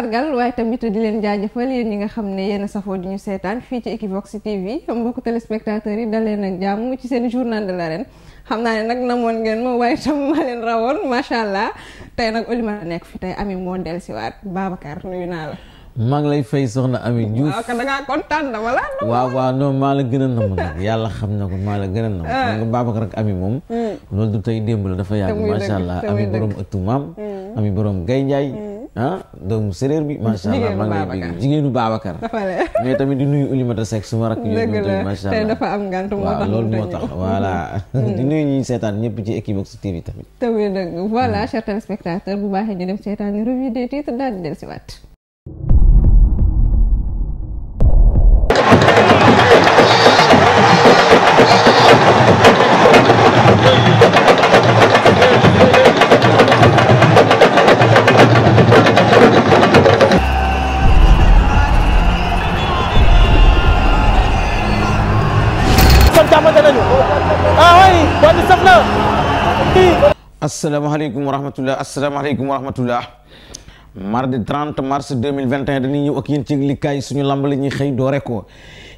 sargal waaye tamit di leen jaajëfal yéen ñi nga xam ne yéen a safoo di ñu seetaan fii ci Equivox TV mbokku téléspectateurs yi dalee na jàmm ci seen journal de l'arène xam naa ne nag ma waaye tam maa leen rawoon macha allah tey naa la. maa ngi lay da ngaa dama la. waaw waaw non maa gën a namm nag yàlla xam na ko maa la gën a namm. Ah. xam nga Babacar ak Ami moom. Hmm. loolu du tey démb la dafa yàgg. macha allah Ami borom ëttu maam. Hmm. Ami borom Gaye Ndiaye. Hmm. ah doomu séréer bi macha allah maa ngi lay dégg jigéenu Babacar mais tamit di nuyu Oulimata Seck suma rakk yooyu tamit macha allah tey dafa am ngant moo tax loolu tax voilà mm. di nuy ñuy seetaan ñëpp ji Equivox TV tamit tamit dëgg voilà mm. chers téléspectateurs bu baaxee ñu dem seetaan revue des titres daal di dellusiwaat asalaamaaleykum wa rahmatulah asalaamaaleykum wa rahmatulah mardi 30 de 2021 dañuy ñëw ak yéen ci likkaay suñu lamb la ñuy xëy doore ko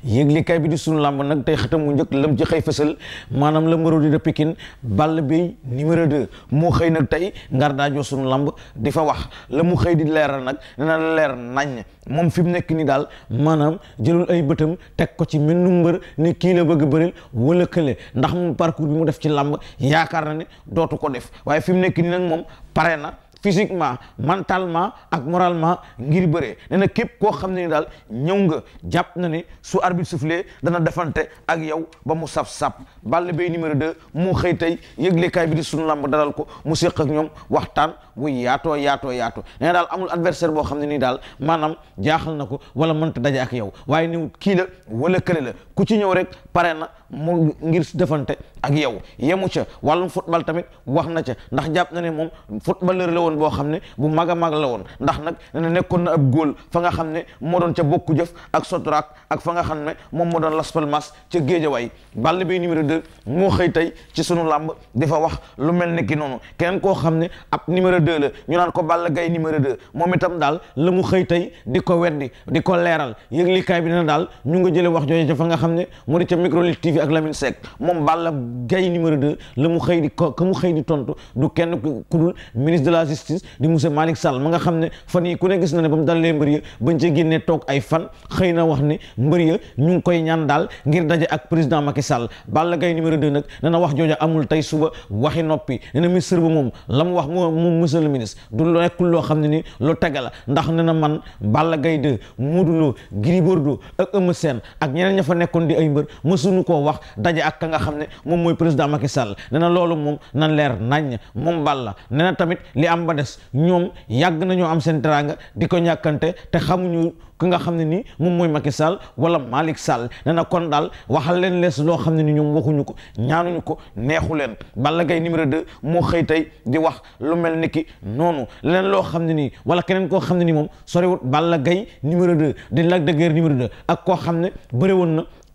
yëglikaay bi di sunu làmb nag tey xëtam mu njëkk lam ci xëy fësal maanaam la marodi de Pikine Balla Bèye numéro 2 moo xëy nag tey ngar daajoo sunu làmb di fa wax la mu xëy di leeral nag dina la leer nañ moom fi mu nekk ni daal maanaam jëlul ay bëtam teg ko ci menn mbër ni kii la bëgg bëril wala kële ndax mu parcours bi mu def ci làmb yaakaar na ne dootu ko def waaye fi mu nekk ni nag moom pare na physiquement mentalement ak moralement ngir bëree nee na képp koo xam ne ni daal ñëw nga jàpp na ni su arbitre soufflé dana defante ak yow ba mu saf-sap Balla Gaye numéro 2 mu xëy tey yëglekaay bi di sunu lamb dalal ko mu séq ak ñoom waxtaan wu yaatoo yaatoo yaatoo nee na daal amul adversaire boo xam ne nii daal maanaam jaaxal na ko wala mënta daje ak yow waaye ni kii la wala kële ku ci ñëw rek pare na mu ngir defante ak yow yemu ca wàllum football tamit wax na ca ndax jàpp na ne moom footballeur la woon boo xam ne bu mag a mag la woon ndax nag ne nekkoon na ab góol fa nga xam ne moo doon ca bokku jëf ak sotraak ak fa nga xam ne moom moo doon Las Palmas ca Géejawaay Balla Beye numéro 2 moo xëy tey ci sunu làmb dafa wax lu mel ne ki noonu keneen koo xam ne ab numéro 2 la ñu naan ko Balla Gaye numéro 2 moom itam daal la mu xëy tey di ko weddi di ko leeral yëglikaay bi dina daal ñu nga jële TV ak Lamine Seck moom Balla Gaye numéro 2 la mu xëy di ka mu xëy di tontu du kenn ku dul ministre de la justice di monsieur Malick Sall ma nga xam ne fan yi ku ne gis na ne ba mu dalalee mbër ya bañ ci génnee toog ay fan xëy na wax ne mbër ya ñu ngi koy ñaan daal ngir daje ak président Macky Sall Balla Gaye numéro 2 nag dana wax jooja amul tey suba waxi noppi ne na ministre ba moom la mu wax moom monsieur le ministre du nekkul loo xam ne ni lu tega la ndax ne na man Balla Gaye 2 Modou Lo Gris wax daje ak ka nga xam ne moom mooy président Macky Sall nee na loolu moom nan leer nañ moom Balla nee na tamit li am ba des ñoom yàgg nañoo am seen teraanga di ko ñàkkante te xamuñu ki nga xam ne nii moom mooy Macky Sall wala Malick Sall nee na kon daal waxal leen lees loo xam ne ni ñoom waxuñu ko ñaanuñu ko neexu leen Balla Gaye numéro 2 moo xëy tey di wax lu mel ni ki noonu leen loo xam ne nii wala keneen koo xam ne ni moom soriwut Balla Gaye numéro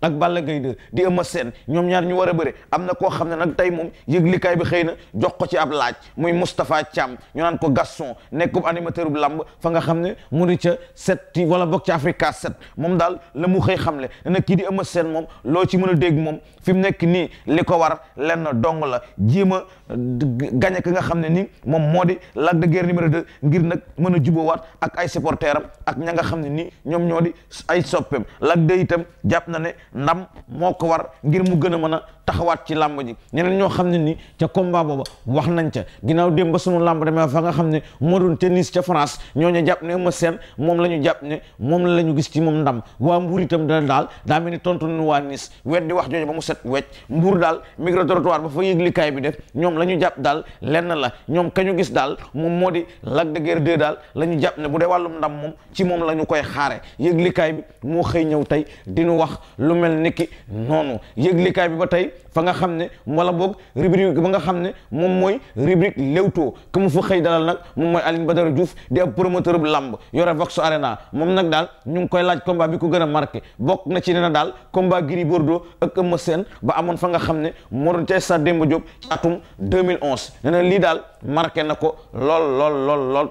ak Balla Gaye 2 di Eumeu seen ñoom ñaar ñu war a bëre am na koo xam ne nag tey moom yëglikaay bi xëy na jox ko ci ab laaj muy Moustapha Thiam ñu naan ko Gaston nekkub animateur bu lamb fa nga xam ne mu di ca set ti wala bokk ci Africa 7 moom daal la mu xëy xamle ne kii di Eumeu Sène moom loo ci mën a dégg moom fi mu nekk nii li ko war lenn dong la jéem a gañe ki nga xam ne ni moom moo di Lac de Guiers numéro ngir nag mën a jubóowaat ak ay supporteram ak ña nga xam ne nii ñoom ñoo di ay soppeem Lac de itam jàpp na ne ndam moo ko war ngir mu gën a mën a taxawaat ci làmb ji ñeneen ñoo xam ne ni ca combat booba wax nañ ca ginnaaw démb ba sunu làmb demee fa nga xam ne moo doon tennis ca France ñooñu jàpp ne moom la ñu jàpp ne moom la ñu gis ci moom ndam waa mbuur itam dal daal daa mel ni tontu nu waa nis wet di wax jooju ba mu set wecc mbuur daal micro trottoir ba fa yëglikaay bi def ñoom la ñu jàpp daal lenn la ñoom ka ñu gis daal moom moo di Lac de Guiers daal la ñu jàpp ne bu dee wàllum ndam moom ci moom la ñu koy xaare yëglikaay bi moo xëy ñëw tey dinu wax lu mel ni ki noonu yëglikaay bi ba tey fa nga xam ne wala boog rubrique ba nga xam ne moom mooy rubrique Leewtoo ku mu fa xëy dalal nag moom mooy Alioune Badara Diouf di ab promoteur làmb lamb yore Vox naa moom nag daal ñu ngi koy laaj combat bi ko gën a marqué bokk na ci nee na daal combat Gris Bordeaux ak Eumeu Sène ba amoon fa nga xam ne moo doon ca stade Demba Diop ci atum 2011 nee lii daal marqué na ko lool lool lool lool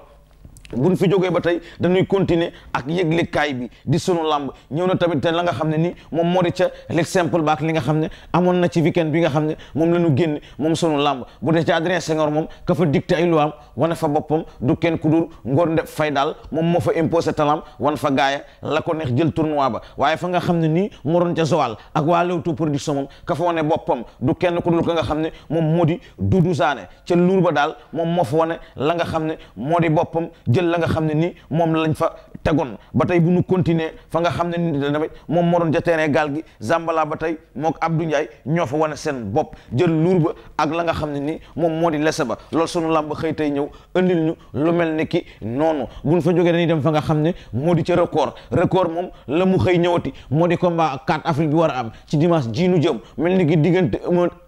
bu buñ fi jógee ba tey dañuy continuer ak yëglekaay bi di sunu làmb ñëw na tamit te la nga xam ne nii moom moo di ca l'exemple ba ak li nga xam ne amoon na ci weekend bi nga xam ne moom la ñu génn moom sunu làmb bu dee ca Adrien Senghor moom ka fa dicté ay luwaam wane fa boppam du kenn ku dul ngor ndef fay daal moom moo fa imposé talam wan fa gaaya la ko neex jël tournoi ba waaye fa nga xam ne nii moroon ca Joal ak waa Leewtoo production moom ka fa wane boppam du kenn ku dul ka nga xam ne moom moo di Doudou Sané ca luur ba daal moom moo fa wane la nga xam ne moo di boppam jël la nga xam ne ni moom lañ fa tegoon ba tey bu nu continuer fa nga xam ne ni tamit moom moo doon ca gaal gi Zambala ba tey mook Abdou Ndiaye ñoo fa wane seen bopp jël luur ba ak la nga xam ne ni moom moo di lese ba lool loolu sunu làmb xëy tey ñëw andil ñu lu mel ni ki noonu bu ñu fa jógee dañuy dem fa nga xam ne moo di ca record record moom la mu xëy ñëwati moo di combat 4 avril bi war a am ci dimanche ji nu mel ni ki diggante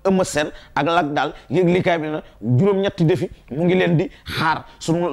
Eumeu Sène ak Lac daal yëglikaay bi na juróom-ñetti defi mu ngi leen di xaar sunu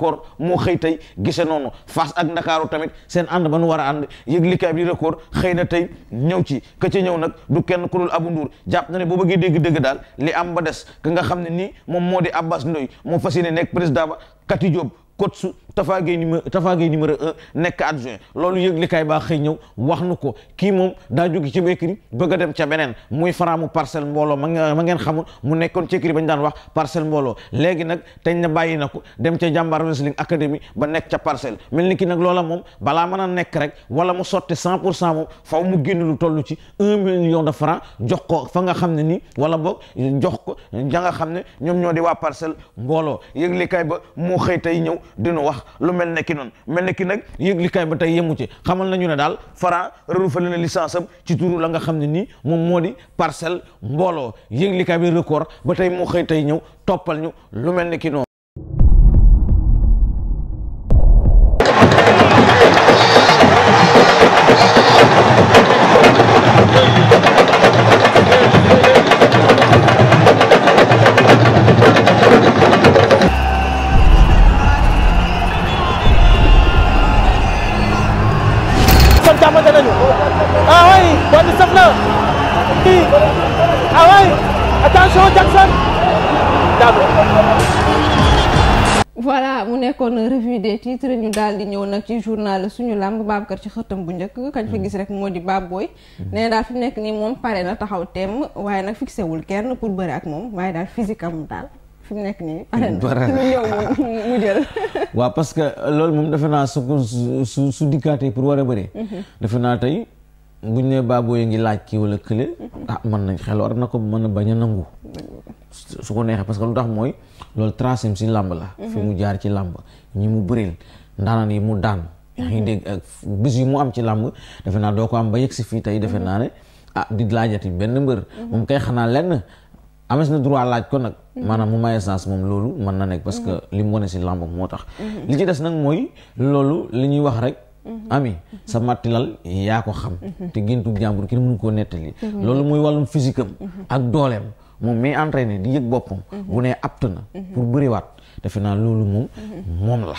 record moo xëy tey gise noonu Fass ak Ndakaaru tamit seen ànd ba nu war a yëg likaay bi record xëy na tey ñëw ci ka ca ñëw nag du kenn ku dul Abu Nduur jàpp na ne boo bëggee dégg-dëgg daal li am ba des ka nga xam ne nii moom moo di Abbas Ndoy moo fas yéene nekk président ba Kati Diop coach Tafa Gueye numéro Tafa Gueye numéro un nekk adjoint loolu yëg li kay baa xëy ñëw wax nu ko kii moom daa jóge ci békri bëgg a dem ca beneen muy faraamu parcelle mbooloo ma ma ngeen xamul mu nekkoon ci écrit ba ñu daan wax parcel mbooloo léegi nag teñ na bàyyi na ko dem ca jàmbaar wrestling academy ba nekk ca parcelle mel ni ki nag loola moom balaa mën a nekk rek wala mu sotti cent pour cent moom faw mu génn lu toll ci un million de francs jox ko fa nga xam ne nii wala boog jox ko ja nga xam ne ñoom ñoo di waa parcelle mbooloo yëg li ba moo xëy tey ñëw dinu wax lu mel ne ki noonu mel ne ki nag yëglikaay ba tey yemu ci xamal nañu ne daal Franc renouvelé na licence am ci turu la nga xam ne nii moom moo di parcelle mbooloo yëglikaay bi record ba tey moo xëy tey ñëw toppal ñu lu mel ne ki noonu ñëw nag ci journal suñu làmb Babacar ci xëtam bu njëkk kañ fa mm. gis rek moo di Baboy mm. nee daal fi mu nekk nii moom pare na taxaw temm waaye nag fixé wul kenn pour bëri ak moom waaye daal physique am daal fi mu nekk nii pare na lu ñëw mu parce que loolu moom defe naa su su su dikkaatee pour war a bëree mm-hmm. defe naa tey buñ ne Baboy ngi laaj kii wala kële mm-hmm. ah mën nañ xel war na ko mën a bañ a nangu su ko neexee parce que lu tax mooy loolu tracé si làmb la fi mm-hmm. mu jaar ci làmb ñi mu bëreel ndaanaan yi mu daan yaa ngi dégg bis yi mu am ci làmb defe naa doo ko am ba yegg si fii tey defe naa ne ah di laajat laajati benn mbër mm-hmm. moom kay xanaa lenn amee ames na droit laaj ko nag mm-hmm. maanaam mu maye sens moom loolu mën na nekk parce que mm-hmm. li wane si làmb moo tax li ci des nag mooy loolu li ñuy wax rek ami sa mattilal yaa ko xam te géntug jàmbur kenn mënu koo nettali loolu mooy wàllum physique am ak dooleem moom mais entraîné di yëg boppam bu ne apte na pour bëriwaat defe naa loolu moom moom la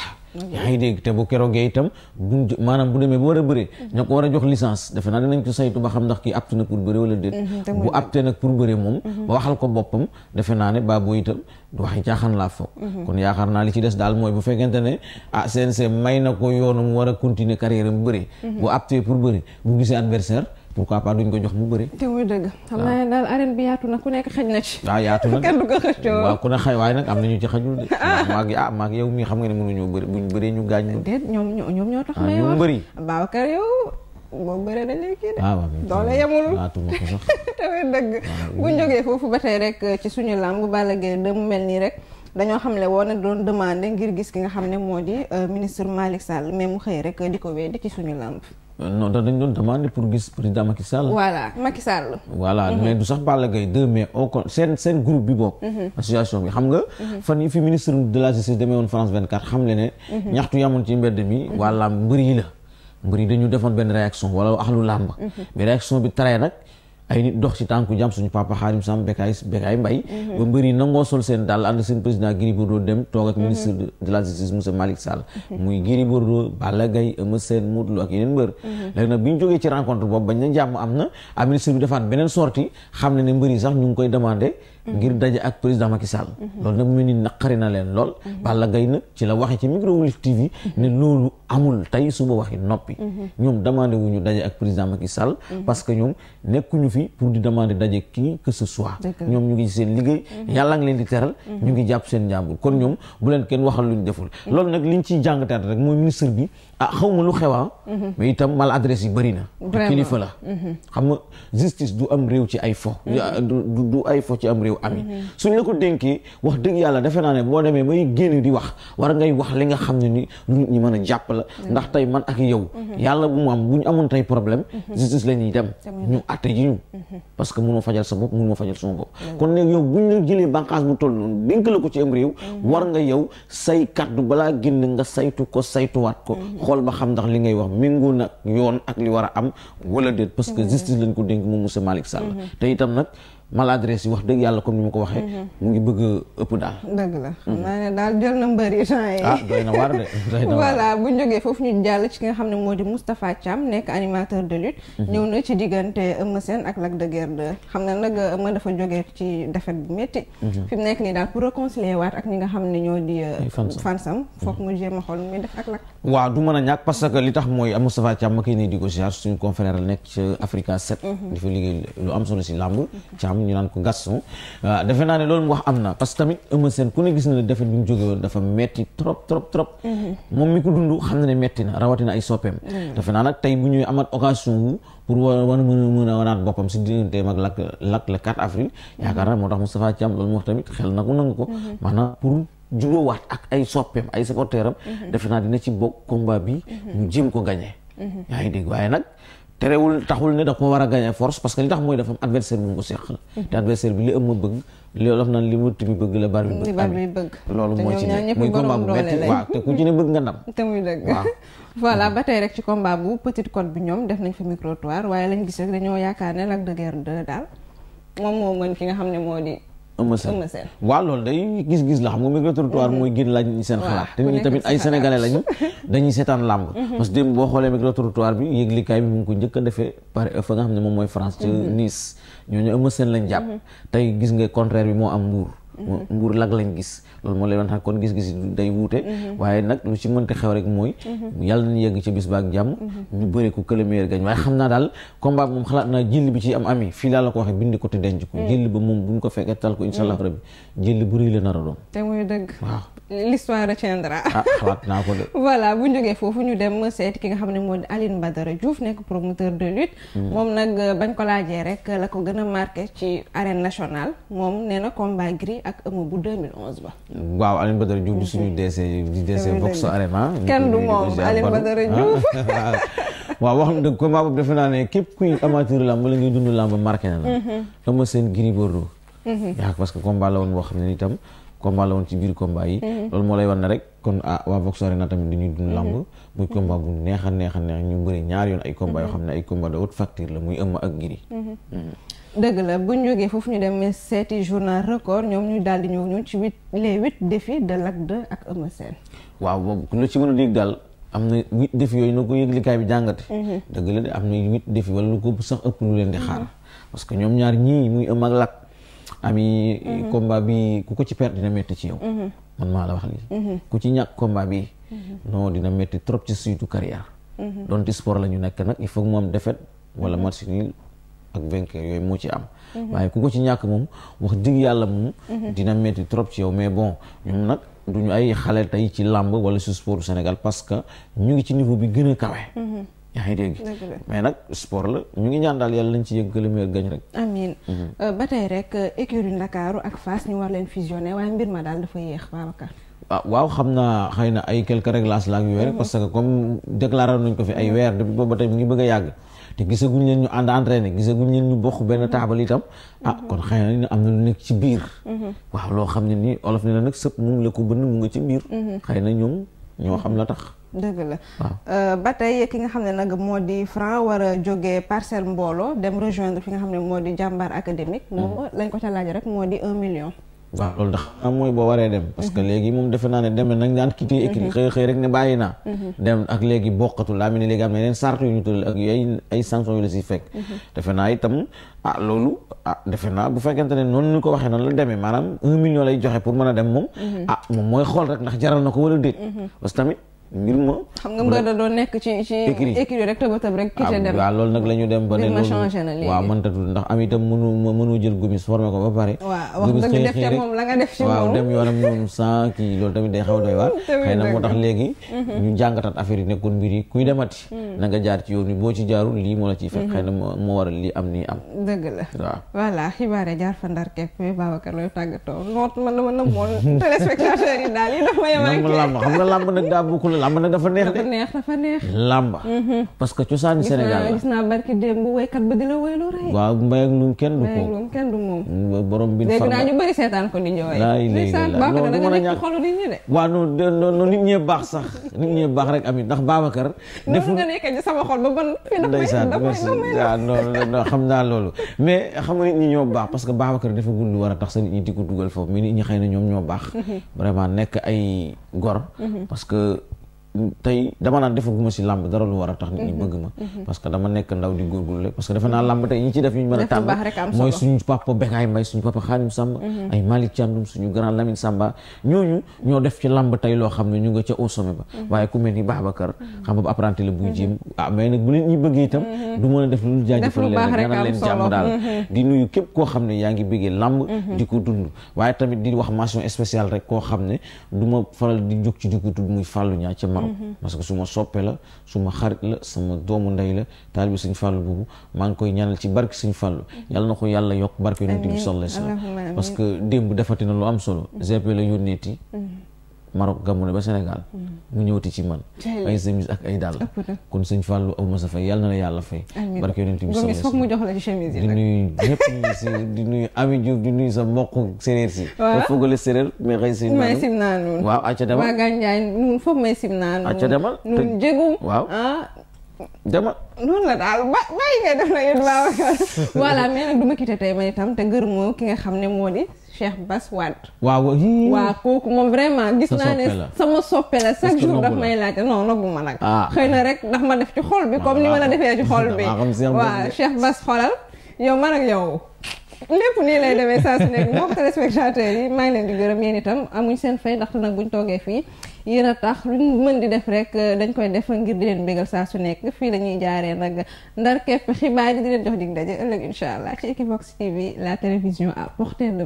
yaa ngi dégg te bu keroogee itam buñ maanaam bu demee ba war a bëre mhm. ña ko war a jox licence defe naa dinañ ko saytu ba xam ndax kii apt na pour bëre wala déet mhm, bu apte nag pour bëre moom mhm. waxal ko boppam defe naa ne baaboo itam du waxi caaxaan laa foog kon yaakaar naa li ci des daal mooy bu fekkente ne ah CNC may na ko yoonu mu war a continuer carrière mu bëre bu apte pour bëre bu gisee adversaire pourquoi pas duñ ko jox bu bëri. te muy dëgg. xam ah. naa daal arène bi yaatu na ku nekk xëj na ci. waaw ah, yaatu na kenn du ko xëccoo. waaw ku ne xëy waaye nag am ñu ci de. maa ngi ah maa ngi yow nga ne mënuñoo bëri buñ bëree ñu gaañ. déet ñoom ñoom ñoo tax. Ah, may wax bëri. Babacar yow boo bëree dañ lay kii de. waaw doole yemul te muy dëgg. bu jógee foofu ba tey rek ci suñu làmb Balla Gaye de mu mel nii rek. dañoo xam ne woon na doon demande ngir gis ki nga xam ne moo di euh, ministre Malick Sall mais mu xëy rek di ko weddi ci suñu làmb non dañ doon demandé pour gis président Macky Sall. voilà mhm. mais du sax Balla Gaye 2 mais au seen seen groupe bi bokk. Mhm. association bi xam nga. Mhm. fan yi fi ministre de la justice demee woon France 24 xam le ne. ñaxtu yamoon ci mbedd mi. wala mbër yi la. mbër yi dañu defoon benn réaction wala axlu làmb. mais réaction bi taree nag. ay nit dox ci tànku jàmm suñu papa xaarim sam bekaay bekaay mbay ba mbëri nangoo sol seen daal ànd seen président Gris dem toog ministre de la justice monsieur Malick Sall muy Gris Bordeaux Balla Gaye Eumeu Sène Modou ak yeneen mbër léegi nag bi ñu jógee ci rencontre boobu bañ na jàmm am na a ah, ministre bi defaat beneen sortie xam ne ne mbëri sax ñu ngi koy demandé ngir daje ak président Macky Sall. loolu nag mu ni naqari na leen lool. Balla Gaye nag ci la waxee ci micro Walf TV ne loolu amul tey suba waxi noppi. ñoom demande demandé wuñu daje ak président Macky Sall. parce que ñoom nekkuñu fi pour di demande daje kii que ce soit. ñoom ñu ngi seen liggéey. yàlla ngi leen di teral. ñu ngi jàpp seen njàmbur kon ñoom bu leen kenn waxal luñ deful. loolu nag liñ ciy jàngataat rek mooy ministre bi. ah xawma lu xew ah. mhm. mais itam maladresse yi bëri na. vraiment kilifa la. Mhm. xam nga justice du am réew ci ay fo. Mhm. du du ay fo ci am réew ami suñ la ko dénkee wax dëgg yàlla defe naa ne moo demee may génn di wax war ngay wax li nga xam ne ni lu nit a jàpp la. ndax tey man ak yow. yàlla bu mu am bu ñu amoon tey problème. justice la dem. ñu àtte ji ñu. parce que mënoo fajal sa bopp mënoo fajal sama bopp. kon nag yow bu ñu la jëlee bànqaas bu toll noonu dénk la ko ci am réew. war nga yow xool ba xam ndax li ngay wax méngoo na yoon ak li war am wala déet parce que mm-hmm. justice lañ ko dénk moom monsieur Malick Sall mm-hmm. te itam nag maladresse yi wax dëgg yàlla comme ni ma ko waxee. Mhm. mu ngi bëgg a ëpp daal. dëgg la xam mm. naa ne daal jël na mbëri temps yi. ah doy na waar de foofu ñu jàll ci nga xam ne moo di Moustapha Thiam nekk animateur de lutte. Mhm. ñëw na ci diggante Eumeu Sène ak Lac de Guiers 2 xam na nag Eumeu dafa jógee ci defet bu métti. Mhm. fi mu nekk nii daal pour réconcilier waat ak ñi nga xam ne ñoo di. Euh, fansam foog mu jéem a ak Lac. waaw du man a ñàkk parce que li tax mooy Moustapha Thiam ma koy nii di ko ziar suñu confrère la nekk ci Africa 7. di liggéey lu am solo si làmb Thiam tamit ñu naan ko Gaston waaw ah, defe naa ne loolu mu wax am na parce que tamit Eumeu Sène ku ne gis na ne defet bi mu jóge woon dafa metti trop trop trop mhm. moom mi ko dund xam na ne metti na rawatina ay soppeem mhm. a a mën a wanaat boppam mhm. yaakaar naa moo tax Moustapha Thiam loolu mu wax tamit xel na ko nangu ko maanaam pour jubóowaat ak ay soppeem ay supporteram defe naa dina ci bokk combat bi mu jéem ko gagné yaa ngi dégg waaye nag terewul taxul ne da ko war a gagner force parce que li tax mooy dafa am adversaire mu ko seqal. te adversaire bi li ëmb bëgg loolu moo ci ne muy combat bu metti waaw te ku ci ne bëgg nga ndam. te muy dëgg waaw. voilà ba tey rek ci combat bu Petite Côte bi ñoom def nañ fa micro trottoir waaye lañ gis rek dañoo yaakaar ne Lac de daal moom moo mën ki nga xam ne moo di. Eumeu Sène waaw loolu day gis-gis la xam nga micro-trottoir mooy gën laaj ñi seen xalaat te ñi tamit ay sénégalais lañu dañuy seetaan làmb mhm. parce que démb boo xoolee micro-trottoir bi yëglikaay bi mu ngi ko njëkk a defee par fa nga xam ne moom mooy France ci mhm. Nice ñooñu Eumeu Sène lañ jàpp mhm. tey gis nga contraire bi moo am Mbour mbuur lag lañ gis loolu moo lay wan xam kon gis-gis day wuute mhm. waaye nag lu ci mënti xew rek mooy mhm. yàlla nañu yegg ci bis ba ak jàmm mhm. ñu bëri ko kële meilleur gañ waaye xam naa daal combat moom xalaat naa ko mm. mm. a ah, de voilà bu ñu foofu ñu dem seet ki nga xam ne moo di Aline Badara nekk promoteur de lutte mm. moom nag bañ ko laajee rek la ko gën a ci arène nationale moom nee combat gris ak ëmb bu 2011 ba. waaw Alioune Badara Diouf di suñu DC di DC Vox Arena. Ah. kenn du moom Alioune Badara Diouf. waaw wax dëgg combat boobu defe naa ne képp kuy amateur lamb la ngay dund lamb la. Mhm. Eumeu Sène Gris Bordeaux. Mhm. yaa parce que combat woon boo xam ne itam combat woon ci biir combat yi. Mhm. loolu moo lay wan ne rek kon ah waa Vox Arena tamit dañuy dund lamb. muy combat bu neex a neex neex ñu bëri ñaar yoon ay combat yoo xam ne ay combat de haute facture la muy Eumeu ak Gris. dëgg la bu ñu foofu ñu dem seeti journal record ñoom ñu daal ñëw ñu ci huit les huit défis de Lac 2 ak Eumeu Sène. waaw boobu lu ci mën a dégg am na huit défis yooyu na ko yëglikaay bi jàngate. Mhm. dëgg la de am na huit défis wala mhm. que ñoom ñaar ñii muy Eumeu ak Lac. ami mhm. bi ku ko ci perte dina metti ci yow. man maa la wax lii. ku ci bi. non dina metti trop ci suitu carrière. donte sport la ñu nekk nag il faut que mu match nul ak vainqueur yooyu moo ci am. Mhm. waaye ku ko ci ñàkk moom wax dëgg yàlla moom. Mhm. dina metti trop ci yow mais bon ñoom nag duñu ay xale tey ci làmb wala su sport Sénégal parce que ñu ngi ci niveau bi gën a kawe. Mhm. yaa ngi dégg mais nag sport la ñu ngi ñaan daal yàlla lañ ci yëg gëlëm gañ rek. amiin euh, ba tey rek euh, écurie Ndakaaru ak fas ñu war leen fusionner waaye mbir ma daal dafa yéex Babacar. ah waaw xam naa xay na ay quelques réglages la ak yooyu parce que comme déclaré nañ ko fi ay weer depuis boobu ba tey ngi bëgg a yàgg. te gisaguñ leen ñu ànd entraîné gisaguñ leen ñu bokk benn taabal itam ah kon xëy na am na lu nekk ci biir waaw loo xam ne nii olof ne na nag sëpp moom la ko bënn mu nga ci biir xëy na ñoom ñoo xam la tax dëgg la euh, ba tey ki nga xam ne nag moo di Franc war a jógee parcelle mbooloo dem rejoindre fi nga xam ne moo di jàmbaar académique mm-hmm. moom lañ ko ca laaj rek moo di un million waaw loolu ndax am ah, mooy boo waree dem parce que léegi moom defe naa ne dem nañ daan quitté équipe xëy xëy rek ne bàyyi naa dem ak léegi bokkatul laa mel ni léegi am ne yeneen sartu yu ñu tuddal ak yooyu ay sanctions yu la si fekk defe naa itam ah loolu ah defe naa bu fekkente ne noonu ñu ko waxee noonu la demee maanaam un million lay joxe pour mën a dem moom mhm. ah moom mooy xool rek ndax jaral na ko wala déet mhm. parce que tamit mbir ma. xam nga mbër da doon nekk ci ci. écrit rek tëb tëb rek. kite dem waaw loolu nag la ñu dem ba ne loolu. na léegi waaw moom la nga a doy yi nekkoon yi na nga jaar ci yoon wi boo ci jaarul lii moo la ciy fekk. xëy na moo waral lii am la waaw. voilà xibaar yi jaar fa ndar képp Babacar looy tàggatoo noot man dama xam nga làmb nag daa bokkul làmb nag dafa neex de dafa neex làmb. Mhm. parce que cosaan Sénégal la gis naa barki démb waykat ba di la waylu rek. waaw mbay ak kenn du moom. borom bi farba dégg naa ñu bëri seetaan ko la a ñàkk xolu nit ñi baax sax nit ñee baax rek amit ndax Babacar. defu nga nekk ci sama xol ba ban. ndeysaan merci waaw non non xam naa loolu. mais xam nga nit ñi ñoo baax parce que Babacar dafa gudd lu war a tax sa nit di ko dugal foofu mais nit ñi xëy na ñoom ñoo baax. Mhm. vraiment nekk ay gor mhm. parce que tey dama naan defaguma si làmb dara lu war a tax nit mhm. bëgg ma mhm. parce dama nekk ndaw di góorgóorlu parce que defe naa làmb tey ñi ci def ñu mën a tàmb mooy suñu papa Bekaay Mbaye suñu papa Xaadim Samba mhm. ay Malick Thiandoum suñu grand Lamine Samba ñooñu ñoo def ci làmb tey loo xam ne ñu nga ca au sommet ba waaye ku mel ni Babacar xam nga apprenti la buy jéem ah mais nag bu leen ñi bëggee itam du mën a def lu jaajëfal leen leen koo xam ne rek koo xam ne du ma di jóg waaw mhm. parce que su ma soppe la su ma xarit la sama doomu ndey la taalibi sëñ fàllu boobu maa ngi koy ñaanal ci barke sëñ fàllu yàlla na ko yàlla yokk barke yonent bi sallallahu alayhi parce que démb defati na lu am solo mhm. gp la yónneeti mhm. Maroc Gabon ba Sénégal mm. mu ñëwati ci man ay chemise ak ay dàll kon sëñ Fallou abu masa fay yàlla na la yàlla fay barke yonent bi di nuyu ñëpp si di nuyu Ami Diouf di nuyu sa mbokk si a foogale séréer mais xëy sim may sim naa nuun waaw acca demal waa Gandiaye nuun foofu may sim naa nuun acca demal waaw ah. dama noonu la daal ba bàyyi nga def na yéen baaw voilà mais nag du ma quitté tey man itam te gërëmoo ki nga xam ne moo di Cheikh Bass Wade. waaw waaw kooku moom vraiment. gis naa ne sama soppe la chaque jour daf may laajte non nagu ma nag. Ah. xëy na rek ndax ma def ci xol bi ah, comme ni ma la defee ci xol bi. Ah, waaw Cheikh Bass xolal yow man ak yow. lépp nii lay demee saa su nekk moom téléspectateurs yi maa ngi leen di gërëm yéen itam amuñ seen fay ndax nag buñ toogee fii. yéen a tax luñ mën di def rek euh, dañ koy def ngir di leen bégal saa su nekk fii la ñuy jaaree nag ndar kepp xibaar yi di leen jox dig ndaje ëllëg incha allah ci Equivox TV la télévision à portée de